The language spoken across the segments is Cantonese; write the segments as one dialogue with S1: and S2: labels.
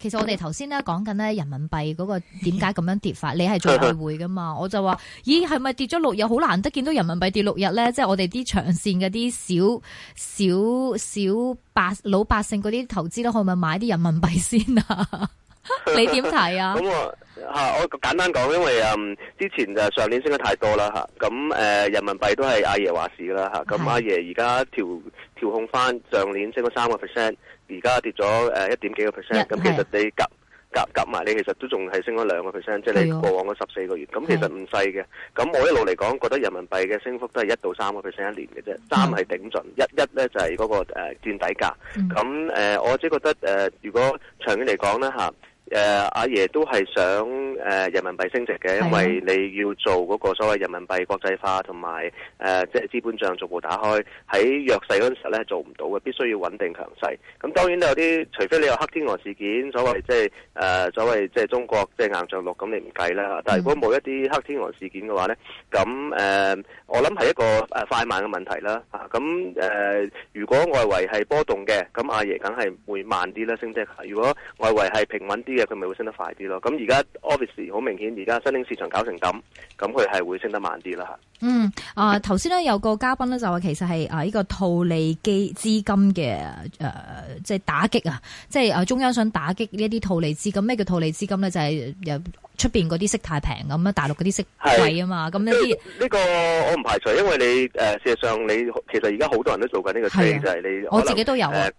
S1: 其實我哋頭先咧講緊咧人民幣嗰個點解咁樣跌法。 你係做匯會噶嘛？ 我就話，咦，係咪跌咗六日？好難得見到人民幣跌六日咧，即係我哋啲長線嗰啲小小小百老百姓嗰啲投資咧，可唔可以買啲人民幣先啊？ 你點睇啊？
S2: 吓、啊，我簡單講，因為誒，之前就上年升得太多啦，吓咁誒，人民幣都係阿爺話事啦，吓咁阿爺而家調調控翻上年升咗三個 percent，而家跌咗誒一點幾個 percent，咁其實你夾夾夾埋，你其實都仲係升咗兩個 percent，即係你過往嘅十四個月，咁的其實唔細嘅。咁的我一路嚟講，覺得人民幣嘅升幅都係一到三個 percent 一年嘅啫，三係頂盡，一一咧就係嗰、那個誒墊、呃、底價。咁誒、嗯呃，我即係覺得誒、呃，如果長遠嚟講咧，吓、啊。誒、呃、阿爺都係想誒、呃、人民幣升值嘅，因為你要做嗰個所謂人民幣國際化同埋誒即係資本帳逐步打開，喺弱勢嗰陣時咧係做唔到嘅，必須要穩定強勢。咁當然都有啲，除非你有黑天鵝事件，所謂即係誒所謂即係、呃、中國即係、就是、硬著陸，咁你唔計啦。但係如果冇一啲黑天鵝事件嘅話咧，咁誒、呃、我諗係一個快慢嘅問題啦。嚇咁誒，如果外圍係波動嘅，咁阿爺梗係會慢啲啦升值。如果外圍係平穩啲，佢咪會升得快啲咯？咁而家 obviously 好明顯，而家新興市場搞成咁，咁佢係會升得慢啲啦吓。
S1: 嗯，啊，頭先咧有個嘉賓咧就話其實係啊呢個套利基資金嘅誒，即係打擊啊，即係啊中央想打擊呢一啲套利資金。咩叫套利資金咧？就係由出邊嗰啲息太平咁啊，大陸嗰啲息貴啊嘛。咁呢啲
S2: 呢個我唔排除，因為你誒、啊、事實上你其實而家好多人都做緊呢個事，是啊、就係你我自己都
S1: 有啊，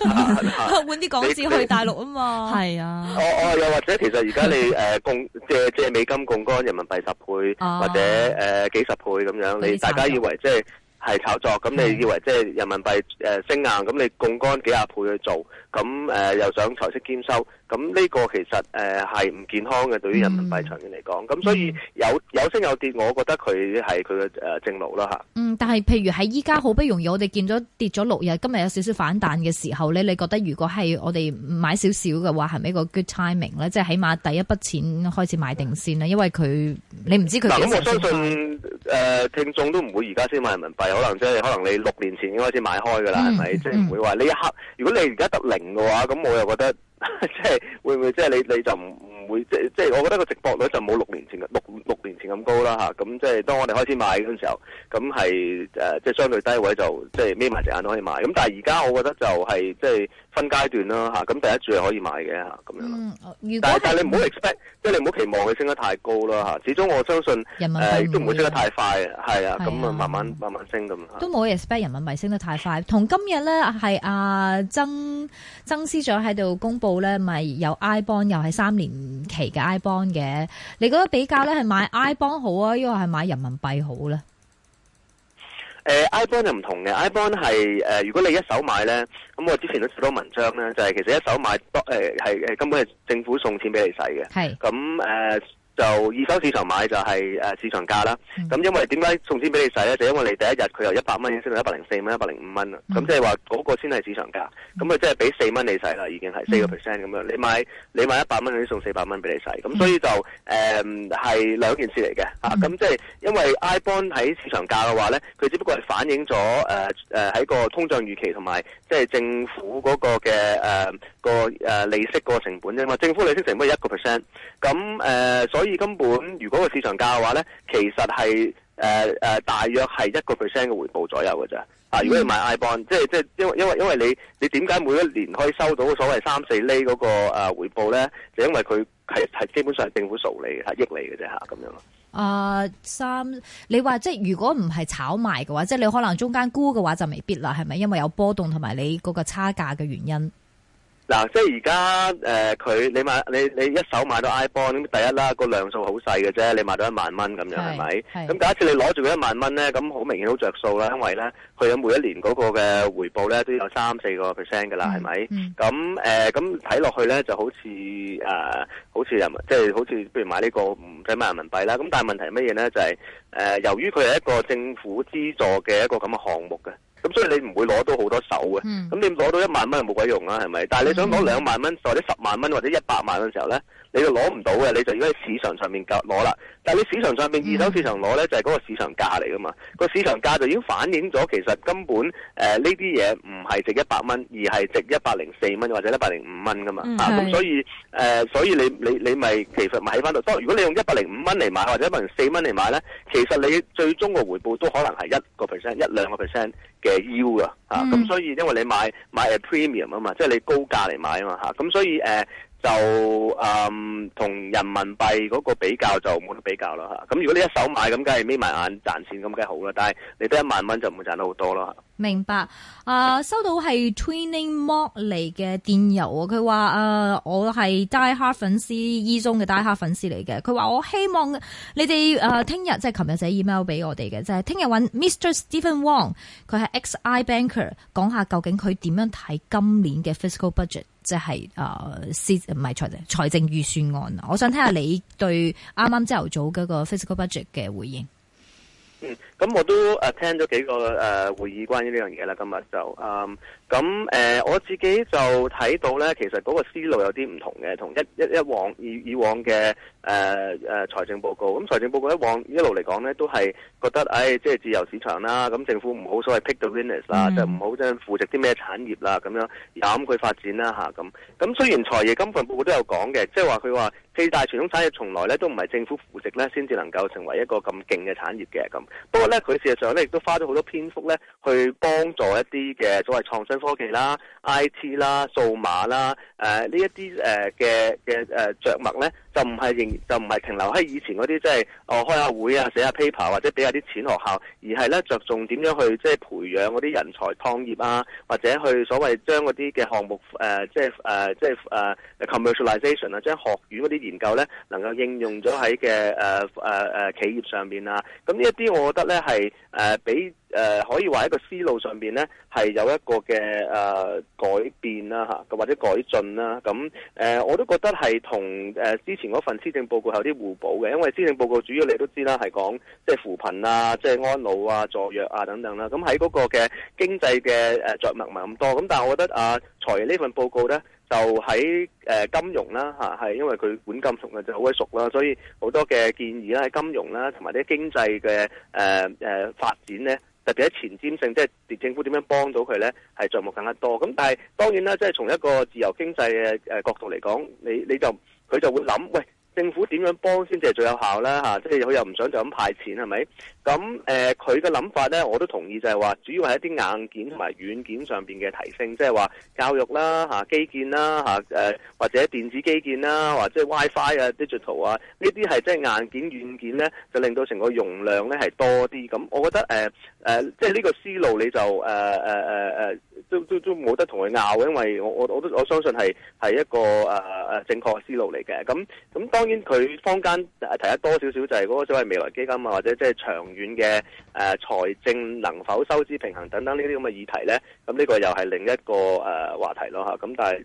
S1: 換啲港紙去大陸啊嘛，係啊。
S2: 又、啊啊、或者其實而家你誒供、 uh, 借借美金槓桿人民幣十倍或者誒、啊 uh, 十倍咁樣，你大家以為即係係炒作，咁你以為即係人民幣誒升硬，咁你槓桿幾十倍去做，咁誒、呃、又想財色兼收，咁呢個其實誒係唔健康嘅，對於人民幣長遠嚟講，咁所以有有升有跌，我覺得佢係佢嘅誒正路啦吓。嗯，
S1: 但係譬如喺依家好不容易我哋見咗跌咗六日，今日有少少反彈嘅時候咧，你覺得如果係我哋買少少嘅話，係咪一個 good timing 咧？即係起碼第一筆錢開始買定先啦，因為佢你唔知佢幾多。咁我相信。
S2: 誒、呃、聽眾都唔會而家先買人民幣，可能即、就、係、是、可能你六年前已經開始買開㗎啦，係咪、mm？即係唔會話呢一刻，如果你而家得零嘅話，咁我又覺得即係、就是、會唔會即係你你就唔？會即即係我覺得個值博率就冇六年前嘅六六年前咁高啦嚇，咁、啊、即係當我哋開始買嗰陣時候，咁係誒即係相對低位就即係眯埋隻眼都可以買，咁但係而家我覺得就係、是、即係分階段啦嚇，咁、啊、第一注係可以買嘅嚇，
S1: 咁樣。嗯、是但係你唔好
S2: expect，即係你唔好期望佢升得太高啦嚇、啊，始終我相信人誒都唔會升得太快，係啊，咁啊慢慢慢慢升咁、啊、都冇
S1: expect 人民幣升得太快，同今日咧係阿曾曾司長喺度公布咧，咪有 I bond 又係三年。期嘅 iBond 嘅，你覺得比較咧係買 iBond 好啊，抑或係買人民幣好咧？
S2: 誒、呃、，iBond 就唔同嘅，iBond 係誒、呃，如果你一手買咧，咁、嗯、我之前都寫咗文章咧，就係、是、其實一手買多誒係誒根本係政府送錢俾你使嘅，係咁誒。嗯呃就二手市場買就係、是、誒、啊、市場價啦。咁、嗯嗯、因為點解送錢俾你使咧？就是、因為你第一日佢由一百蚊已經升到一百零四蚊、一百零五蚊啦。咁即係話嗰個先係市場價。咁佢即係俾四蚊你使啦，已經係四個 percent 咁樣。你買你買一百蚊，佢送四百蚊俾你使。咁、嗯嗯、所以就誒係、嗯、兩件事嚟嘅嚇。咁即係因為 iBond 喺市場價嘅話咧，佢只不過係反映咗誒誒喺個通脹預期同埋即係政府嗰個嘅誒個誒利息個成本啫嘛。政府利息成本係一個 percent。咁、嗯、誒、呃、所以。所以根本，如果個市場價嘅話咧，其實係誒誒，大約係一個 percent 嘅回報左右嘅咋。啊，如果你買 i bond，即係即係，因為因為因為你你點解每一年可以收到所謂三四厘嗰個誒回報咧？就因為佢係係基本上係政府籌利嘅，益利嘅啫嚇，咁樣咯。啊，
S1: 三，uh, Sam, 你話即係如果唔係炒賣嘅話，即係你可能中間沽嘅話就未必啦，係咪？因為有波動同埋你嗰個差價嘅原因。
S2: 嗱，即係而家，誒、呃、佢你買你你一手買到 iBond，第一啦，個量數好細嘅啫，你買到一萬蚊咁樣，係咪是 吧？咁、嗯、假設你攞住佢一萬蚊咧，咁好明顯好着數啦，因為咧佢有每一年嗰個嘅回報咧都有三四個 percent 㗎啦，係咪？咁誒咁睇落去咧就好似誒、呃、好似人民，即、就、係、是、好似，譬如買呢、這個唔使買人民幣啦。咁但係問題係乜嘢咧？就係、是、誒、呃，由於佢係一個政府資助嘅一個咁嘅項目嘅，咁所以你唔會攞到好多手嘅，咁、嗯、你攞到一萬蚊又冇鬼用啦、啊，係咪？但係你想攞兩萬蚊、嗯，或者十萬蚊，或者一百萬嘅時候咧？你就攞唔到嘅，你就要喺市場上面攞啦。但係你市場上面二手市場攞呢，嗯、就係嗰個市場價嚟噶嘛。個市場價就已經反映咗其實根本誒呢啲嘢唔係值一百蚊，而係值一百零四蚊或者一百零五蚊噶嘛。咁所以誒、呃，所以你你你咪其實買翻到。當然，如果你用一百零五蚊嚟買或者一百零四蚊嚟買呢，其實你最終個回報都可能係一個 percent 一兩個 percent 嘅 U 噶。啊，咁、嗯啊嗯、所以因為你買買 premium 啊嘛，即、就、係、是、你高價嚟買嘛啊嘛咁、嗯、所以誒。呃就誒同、嗯、人民幣嗰個比較就冇得比較啦，咁如果你一手買咁，梗係眯埋眼賺錢，咁梗係好啦。但係你得一萬蚊就唔會賺得好多啦。
S1: 明白。啊、呃，收到係 Twinning Mark 嚟嘅電郵喎。佢話誒我係 Die Hard 粉絲 E 中嘅 Die Hard 粉絲嚟嘅。佢話我希望你哋誒聽日即係琴日寫 email 俾我哋嘅，就係聽日搵 Mr Stephen Wong，佢係 XI Banker 講下究竟佢點樣睇今年嘅 fiscal budget。即係誒，司唔係財誒，財、呃、政預算案。我想聽下你對啱啱朝頭早嗰個 fiscal budget 嘅回應。
S2: 咁我都誒聽咗幾個誒會議關於呢樣嘢啦，今日就嗯咁誒、呃、我自己就睇到咧，其實嗰個思路有啲唔同嘅，同一一一往以以往嘅誒誒財政報告，咁、嗯、財政報告一往一路嚟講咧，都係覺得誒即係自由市場啦，咁政府唔好所謂 pick the winners 啦，mm hmm. 就唔好真係扶植啲咩產業啦，咁樣任佢發展啦咁。咁、嗯、雖然財爺今份報告都有講嘅，即係話佢話四大傳統產業從來咧都唔係政府扶植咧先至能夠成為一個咁勁嘅產業嘅咁，咧佢事實上咧亦都花咗好多篇幅咧，去幫助一啲嘅所謂創新科技啦、IT 啦、數碼啦、誒呢一啲誒嘅嘅誒著墨咧，就唔係仍就唔係停留喺以前嗰啲，即係哦開下會啊、寫下 paper 或者俾下啲錢學校，而係咧着重點樣去即係培養嗰啲人才創業啊，或者去所謂將嗰啲嘅項目誒即係誒即係誒 commercialization 啊，將學院嗰啲研究咧能夠應用咗喺嘅誒誒誒企業上面啊。咁呢一啲我覺得咧。係誒，俾誒、呃呃，可以話一個思路上邊咧，係有一個嘅誒、呃、改變啦吓，或者改進啦。咁誒、呃，我都覺得係同誒、呃、之前嗰份施政報告有啲互補嘅，因為施政報告主要你都知啦，係講即係扶貧啊、即係安老啊、助弱啊等等啦。咁喺嗰個嘅經濟嘅誒著墨唔係咁多。咁但係我覺得啊，財爺呢份報告咧，就喺誒金融啦嚇，係因為佢管金融嘅就好鬼熟啦，所以好多嘅建議啦，喺金融啦同埋啲經濟嘅誒誒發展咧，特別喺前瞻性，即係政府點樣幫到佢咧，係著墨更加多。咁但係當然啦，即係從一個自由經濟嘅誒角度嚟講，你你就佢就會諗，喂，政府點樣幫先至係最有效咧？嚇、啊，即係佢又唔想就咁派錢，係咪？咁誒，佢嘅諗法咧，我都同意就係話，就係話主要係一啲硬件同埋軟件上邊嘅提升，即係話教育啦、嚇、啊、基建啦、嚇、啊、誒或者電子基建啦，或者 WiFi 啊、digital 啊，呢啲係即係硬件軟件咧，就令到成個容量咧係多啲。咁我覺得誒誒，即係呢個思路你就誒誒誒誒。啊啊啊都都冇得同佢拗，因為我我我都我相信係係一個誒誒、呃、正確嘅思路嚟嘅。咁、嗯、咁、嗯、當然佢坊間提得多少少，就係嗰個所謂未來基金啊，或者即係長遠嘅誒、呃、財政能否收支平衡等等呢啲咁嘅議題咧。咁、嗯、呢、呢個又係另一個誒、呃、話題咯嚇。咁、嗯、但係。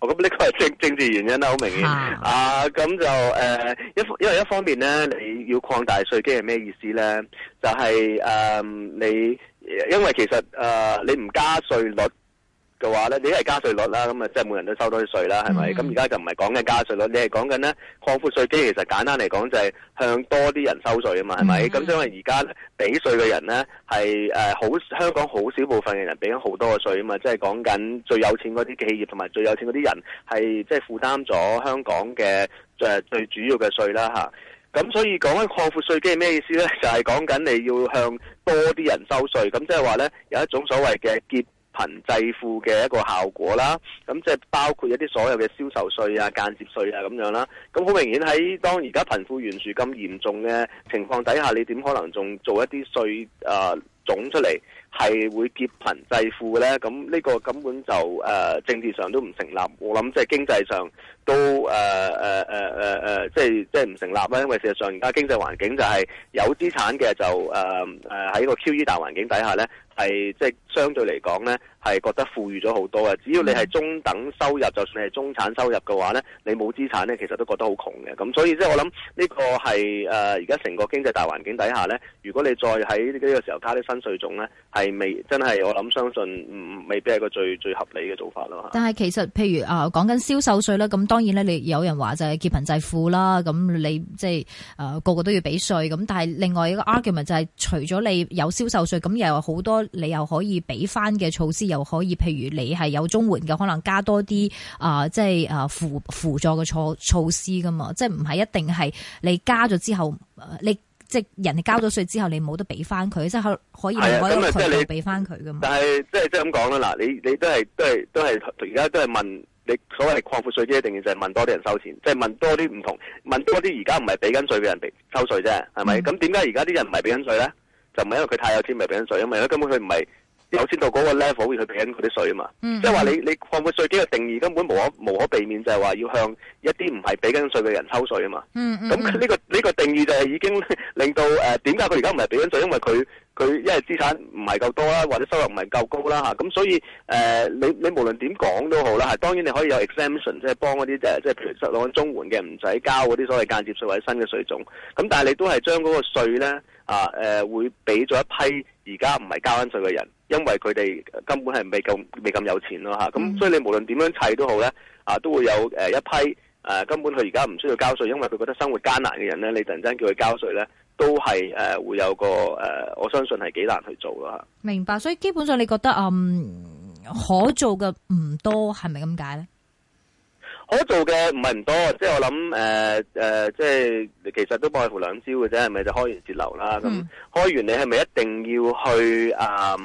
S2: 我咁呢個係政政治原因啦，好明顯啊，咁就誒一、呃、因為一方面咧，你要擴大稅基係咩意思咧？就係、是、誒、呃、你因為其實誒、呃、你唔加稅率嘅話咧，你係加稅率啦，咁啊，即係每人都收多啲稅啦，係咪？咁而家就唔係講緊加稅率，你係講緊咧擴闊稅基。其實簡單嚟講、mm hmm. 呃，就係向多啲人收稅啊嘛，係咪？咁因為而家俾稅嘅人咧係誒好香港好少部分嘅人俾緊好多嘅稅啊嘛，即係講緊最有錢嗰啲企業同埋最有錢嗰啲人係即係負擔咗香港嘅誒最，最主要嘅稅啦吓咁、啊、所以講緊擴闊稅基係咩意思咧？就係講緊你要向多啲人收稅，咁即係話咧有一種所謂嘅結貧濟富嘅一個效果啦，咁即係包括一啲所有嘅銷售稅啊、間接稅啊咁樣啦，咁好明顯喺當而家貧富懸殊咁嚴重嘅情況底下，你點可能仲做一啲稅誒種出嚟？係會劫貧濟富咧？咁呢個根本就誒、呃、政治上都唔成立，我諗即係經濟上都誒誒誒誒誒，即係即係唔成立啦。因為事實上而家經濟環境就係有資產嘅就誒誒喺個 QE 大環境底下咧，係即係相對嚟講咧係覺得富裕咗好多呀。只要你係中等收入，就算你係中產收入嘅話咧，你冇資產咧，其實都覺得好窮嘅。咁所以即係我諗呢個係誒而家成個經濟大環境底下咧，如果你再喺呢個時候加啲新稅種咧。係未真係，我諗相信，未必係個最最合理嘅做法咯。但
S1: 係其實譬如啊，講緊銷售稅啦，咁當然咧，你有人話就係劫貧濟富啦。咁你即係誒、呃，個個都要俾稅。咁但係另外一個 argument 就係、是，除咗你有銷售稅，咁又有好多你又可以俾翻嘅措施，又可以譬如你係有綜援嘅，可能加多啲啊、呃，即係誒輔輔助嘅措措施噶嘛。即係唔係一定係你加咗之後，你。即係人哋交咗稅之後，你冇得俾翻佢，即係可可以唔可以佢俾翻佢噶嘛？但係即係即
S2: 係咁講啦，嗱，你你都係都係都係而家都係問你所謂擴闊稅基，定然就係問多啲人收錢，即係問多啲唔同，問多啲而家唔係俾緊稅嘅人俾收稅啫，係咪？咁點解而家啲人唔係俾緊稅咧？就唔係因為佢太有錢咪俾緊稅，因為根本佢唔係。首先到嗰個 level，佢俾緊佢啲稅啊嘛、嗯，即係話你你個個稅基嘅定義根本無可無可避免就係話要向一啲唔係俾緊稅嘅人抽稅啊嘛、嗯。咁、嗯、呢、呢個呢、呢個定義就係已經令到誒點解佢而家唔係俾緊稅？因為佢佢因為資產唔係夠多啦，或者收入唔係夠高啦嚇。咁、啊、所以誒、呃、你你無論點講都好啦，係當然你可以有 exemption，即係幫嗰啲誒即係譬如攞緊綜援嘅唔使交嗰啲所謂間接稅或者新嘅稅種。咁、嗯、但係你都係將嗰個稅咧啊誒、呃、會俾咗一批而家唔係交緊稅嘅人。因為佢哋根本係未咁未咁有錢咯吓，咁、嗯、所以你無論點樣砌都好咧，啊都會有誒一批誒根本佢而家唔需要交稅，因為佢覺得生活艱難嘅人咧，你突然間叫佢交稅咧，都係誒、呃、會有個誒、呃，我相信係幾難去做咯。
S1: 明白，所以基本上你覺得嗯可做嘅唔多，係咪咁解咧？
S2: 可做嘅唔係唔多，即係我諗誒誒，即、呃、係、呃、其實都不外乎兩招嘅啫，係咪就是開源節流啦？咁、嗯、開源你係咪一定要去誒、呃，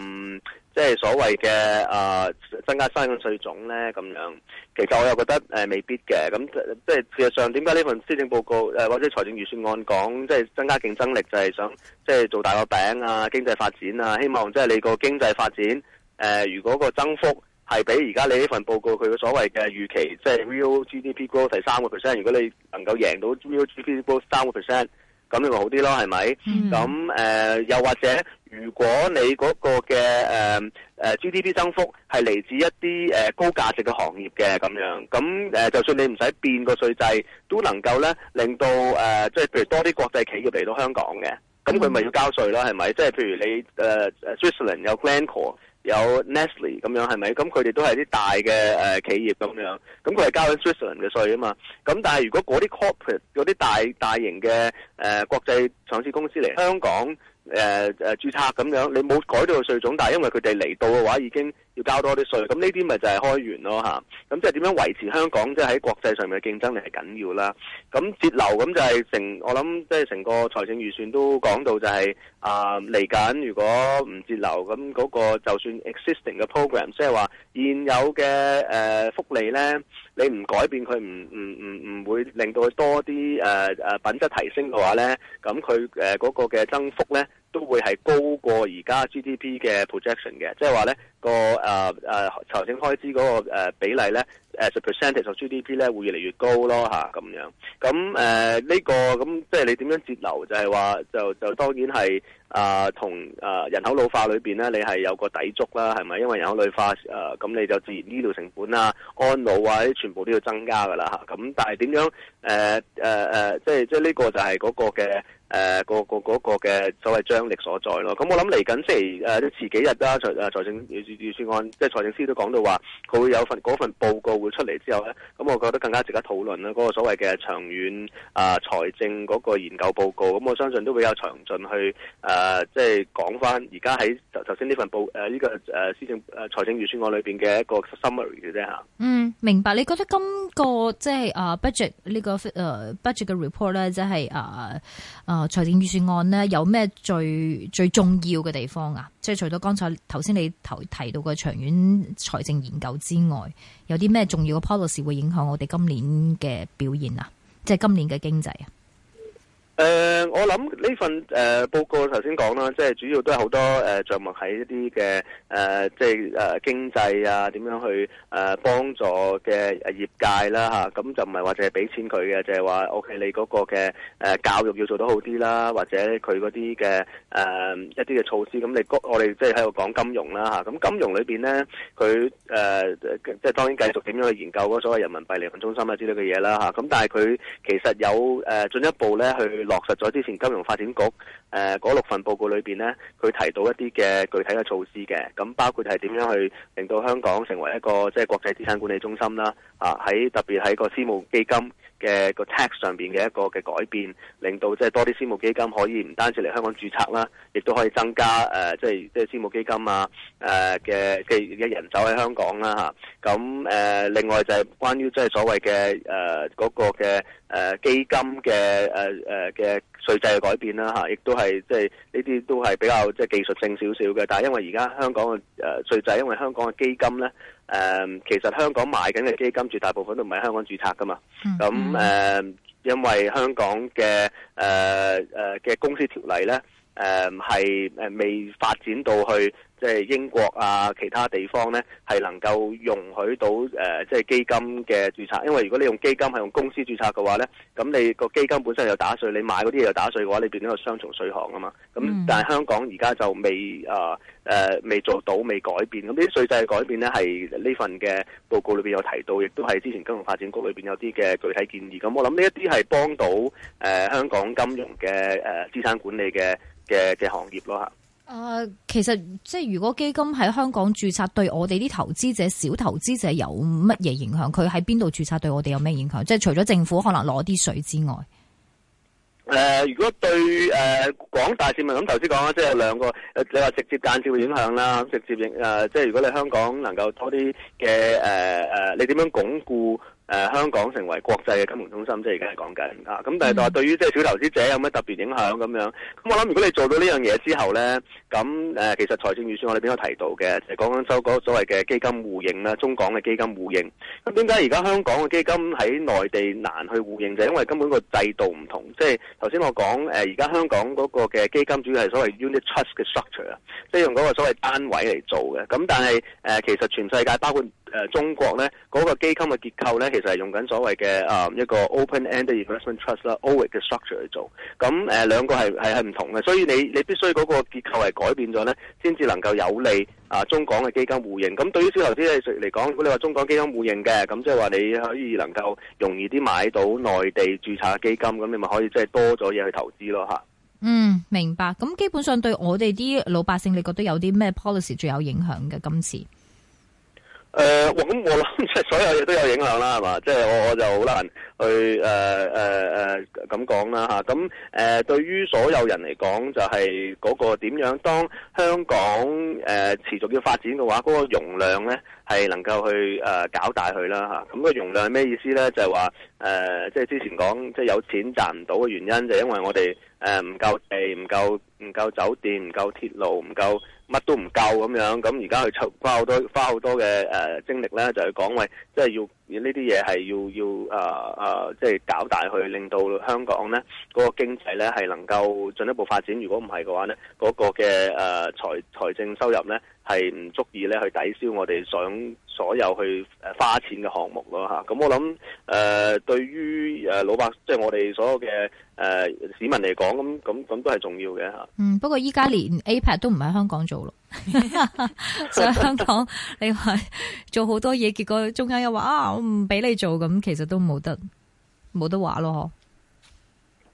S2: 即係所謂嘅誒增加新嘅稅種咧？咁樣其實我又覺得誒、呃、未必嘅。咁即係事實上，點解呢份施政報告誒或者財政預算案講即係增加競爭力就，就係想即係做大個餅啊，經濟發展啊，希望即係你個經濟發展誒、呃，如果個增幅，係比而家你呢份報告佢嘅所謂嘅預期，即、就、係、是、real GDP growth 係三個 percent。如果你能夠贏到 real GDP growth 三個 percent，咁你咪好啲咯，係咪？咁誒、嗯呃，又或者如果你嗰個嘅誒、呃、GDP 增幅係嚟自一啲誒、呃、高價值嘅行業嘅咁樣，咁、呃、就算你唔使變個稅制，都能夠咧令到誒，即、呃、係譬如多啲國際企業嚟到香港嘅，咁佢咪要交稅咯？係咪？即係、嗯、譬如你誒、呃、Switzerland 有 Glencore。有 Nestle 咁樣係咪？咁佢哋都係啲大嘅誒企業咁樣，咁佢係交緊 Switzerland 嘅稅啊嘛。咁但係如果嗰啲 corporate 嗰啲大大型嘅誒、呃、國際上市公司嚟香港誒誒、呃、註冊咁樣，你冇改到個稅種，但係因為佢哋嚟到嘅話已經，要交多啲稅，咁呢啲咪就係開源咯吓，咁即係點樣維持香港即係喺國際上面嘅競爭力係緊要啦。咁節流咁就係、是、成，我諗即係成個財政預算都講到就係、是、啊嚟緊，如果唔節流，咁嗰個就算 existing 嘅 program，即係話現有嘅誒福利咧，你唔改變佢唔唔唔唔會令到佢多啲誒誒品質提升嘅話咧，咁佢誒嗰個嘅增幅咧。都會係高過而家 GDP 嘅 projection 嘅，即係話咧個誒誒財政開支嗰個誒比例咧誒 percentage of GDP 咧會越嚟越高咯吓咁、啊、樣，咁誒呢個咁即係你點樣節流就係話，就是、說就，就當然係。啊、呃，同啊、呃、人口老化裏邊咧，你係有個底足啦、啊，係咪？因為人口老化，誒、呃、咁你就自然醫療成本啊、安老啊全部都要增加噶啦嚇咁但係點樣？誒誒誒，即係即係呢個就係嗰個嘅誒、呃、個個嗰嘅所謂張力所在咯。咁、嗯、我諗嚟緊即係都、呃、遲幾日啦，財政預算、呃、案，即係財政司都講到話，佢會有份嗰份報告會出嚟之後咧，咁、嗯、我覺得更加值得討論啦。嗰、那個所謂嘅長遠啊、呃、財政嗰個研究報告，咁、嗯、我相信都比較詳盡去。呃誒，即係講翻，而家喺頭先呢份報誒，呢個誒，施政誒，財政預算案裏邊嘅一個 summary 嘅啫吓。
S1: 嗯，明白。你覺得今個即係誒 budget 呢個誒 budget 嘅 report 咧，即係誒誒財政預算案咧，有咩最最重要嘅地方啊？即係除咗剛才頭先你頭提到嘅長遠財政研究之外，有啲咩重要嘅 policy 會影響我哋今年嘅表現啊？即係今年嘅經濟啊？
S2: 誒、呃，我諗呢份誒、呃、報告頭先講啦，即係主要都係好多誒着墨喺一啲嘅誒，即係誒、呃、經濟啊，點樣去誒幫、呃、助嘅業界啦吓，咁、啊、就唔係話淨係俾錢佢嘅，就係、是、話 OK 你嗰個嘅誒、呃、教育要做得好啲啦，或者佢嗰啲嘅誒一啲嘅措施，咁你我哋即係喺度講金融啦吓，咁、啊、金融裏邊咧，佢誒、呃、即係當然繼續點樣去研究嗰所謂人民幣離岸中心啊之類嘅嘢啦吓，咁、啊、但係佢其實有誒進、呃、一步咧去。落實咗之前金融發展局誒嗰、呃、六份報告裏邊咧，佢提到一啲嘅具體嘅措施嘅，咁包括係點樣去令到香港成為一個即係、就是、國際資產管理中心啦，啊喺特別喺個私募基金。嘅個 tax 上邊嘅一個嘅改變，令到即係多啲私募基金可以唔單止嚟香港註冊啦，亦都可以增加誒，即係即係私募基金啊誒嘅嘅人走喺香港啦、啊、吓，咁誒、呃，另外就係關於即係所謂嘅誒嗰個嘅誒、呃、基金嘅誒誒嘅。呃稅制嘅改變啦嚇，亦都係即係呢啲都係比較即係技術性少少嘅，但係因為而家香港嘅誒稅制，因為香港嘅基金咧誒，其實香港賣緊嘅基金，絕大部分都唔係香港註冊㗎嘛。咁誒、嗯嗯嗯，因為香港嘅誒誒嘅公司條例咧誒，係、呃、誒未發展到去。即係英國啊，其他地方咧係能夠容許到誒、呃，即係基金嘅註冊。因為如果你用基金係用公司註冊嘅話咧，咁你個基金本身又打稅，你買嗰啲嘢又打稅嘅話，你變咗個雙重稅項啊嘛。咁但係香港而家就未啊誒、呃呃、未做到，未改變。咁呢啲稅制改變咧係呢份嘅報告裏邊有提到，亦都係之前金融發展局裏邊有啲嘅具體建議。咁我諗呢一啲係幫到誒、呃、香港金融嘅誒、呃、資產管理嘅嘅嘅行業咯嚇。
S1: 啊、呃，其實即係如果基金喺香港註冊，對我哋啲投資者、小投資者有乜嘢影響？佢喺邊度註冊，對我哋有咩影響？即係除咗政府可能攞啲水之外，
S2: 誒、呃，如果對誒廣、呃、大市民，咁頭先講啦，即係有兩個，呃、你話直接間接嘅影響啦，直接影誒、呃，即係如果你香港能夠多啲嘅誒誒，你點樣鞏固？誒、呃、香港成為國際嘅金融中心，即係而家係講緊啊！咁但係就係對於即係小投資者有咩特別影響咁樣？咁我諗如果你做到呢樣嘢之後咧，咁、呃、其實財政預算我哋都有提到嘅，就係講緊收嗰所謂嘅基金互認啦，中港嘅基金互認。咁點解而家香港嘅基金喺內地難去互認？就係、因為根本個制度唔同。即係頭先我講誒，而家香港嗰個嘅基金主要係所謂 unit trust 嘅 structure，即係用嗰個所謂單位嚟做嘅。咁但係、呃、其實全世界包括，誒中國咧嗰個基金嘅結構咧，其實係用緊所謂嘅誒一個 open-end 嘅 investment trust 啦，OIC 嘅 structure 去做。咁誒兩個係係係唔同嘅，所以你你必須嗰個結構係改變咗咧，先至能夠有利啊中港嘅基金互認。咁對於小投資者嚟講，如果你話中港基金互認嘅，咁即係話你可以能夠容易啲買到內地註冊基金，咁你咪可以即係多咗嘢去投資咯吓，嗯，
S1: 明白。咁基本上對我哋啲老百姓，你覺得有啲咩 policy 最有影響嘅今次？
S2: 誒，我咁我諗即係所有嘢都有影響啦，係嘛？即係我我就好難去誒誒誒咁講啦嚇。咁誒對於所有人嚟講，就係嗰個點樣？當香港誒持續要發展嘅話，嗰個容量咧係能夠去誒搞大佢啦嚇。咁個容量係咩意思咧？就係話誒，即係之前講即係有錢賺唔到嘅原因，就係因為我哋誒唔夠地，唔夠唔夠酒店，唔夠鐵路，唔夠。乜都唔夠咁樣，咁而家去花好多花好多嘅誒、呃、精力咧，就係講喂，即係要。而呢啲嘢係要要啊啊，即、啊、係、就是、搞大去，令到香港咧嗰、那個經濟咧係能夠進一步發展。如果唔係嘅話咧，嗰、那個嘅誒、啊、財財政收入咧係唔足以咧去抵消我哋想所有去誒花錢嘅項目咯嚇。咁、啊、我諗誒、啊、對於誒老百姓，即、就、係、是、我哋所有嘅誒、啊、市民嚟講，咁咁咁都係重要嘅
S1: 嚇。啊、嗯，不過依家連 APEC 都唔喺香港做咯。所以 香港，你話做好多嘢，結果中間又話啊，我唔俾你做，咁其實都冇得冇得話咯。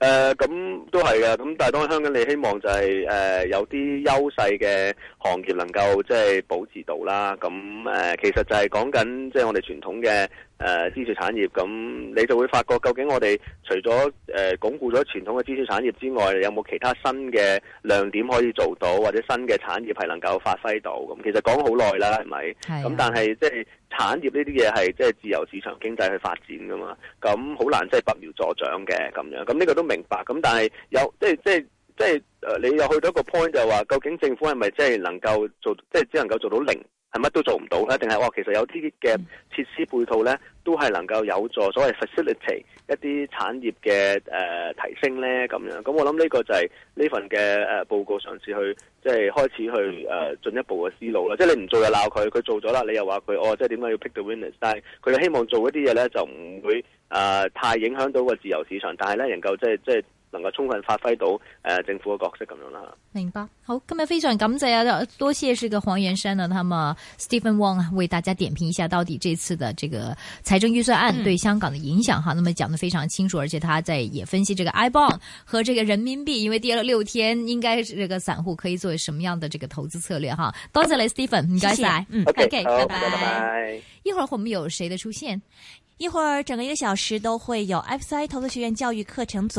S1: 嗬、
S2: 呃。誒，咁都係嘅，咁但係當香港你希望就係、是、誒、呃、有啲優勢嘅行業能夠即係保持到啦。咁誒、呃，其實就係講緊即係我哋傳統嘅。誒、呃、資訊產業，咁、嗯、你就會發覺，究竟我哋除咗誒、呃、鞏固咗傳統嘅資訊產業之外，有冇其他新嘅亮點可以做到，或者新嘅產業係能夠發揮到？咁、嗯、其實講好耐啦，係咪？咁的、嗯、但係即係產業呢啲嘢係即係自由市場經濟去發展噶嘛，咁、嗯、好難即係拔苗助長嘅咁樣。咁、嗯、呢、呢個都明白。咁、嗯、但係有即係即係即係誒，你又去到一個 point 就話，究竟政府係咪即係能夠做，即係只能夠做到零？係乜都做唔到咧，定係哦？其實有啲嘅設施配套咧，都係能夠有助所謂 facilitate 一啲產業嘅誒、呃、提升咧，咁樣。咁我諗呢個就係呢份嘅誒、呃、報告嘗試去即係開始去誒進、呃、一步嘅思路啦。即係你唔做就鬧佢，佢做咗啦，你又話佢哦，即係點解要 pick the winners？但係佢哋希望做一啲嘢咧，就唔會誒、呃、太影響到個自由市場，但係咧能夠即係即係。能夠充分發揮到、呃、政府的角
S1: 色咁樣啦。明白，好，今日非常感謝啊，多謝。是個黃延山黃元山啊，他們 Stephen Wong 啊，為大家點評一下到底這次的這個財政預算案對香港的影響。哈、嗯。那麼講得非常清楚，而且他在也分析這個 iBond 和這個人民幣，因為跌了六天，應該這個散戶可以作為什麼樣的這個投資策略哈。多謝嚟 Stephen，唔該曬，謝謝嗯，OK，拜拜，拜拜。一會兒我們有誰的出現，一會兒整個一個小時都會有 f c i、SI、投資學院教育課程組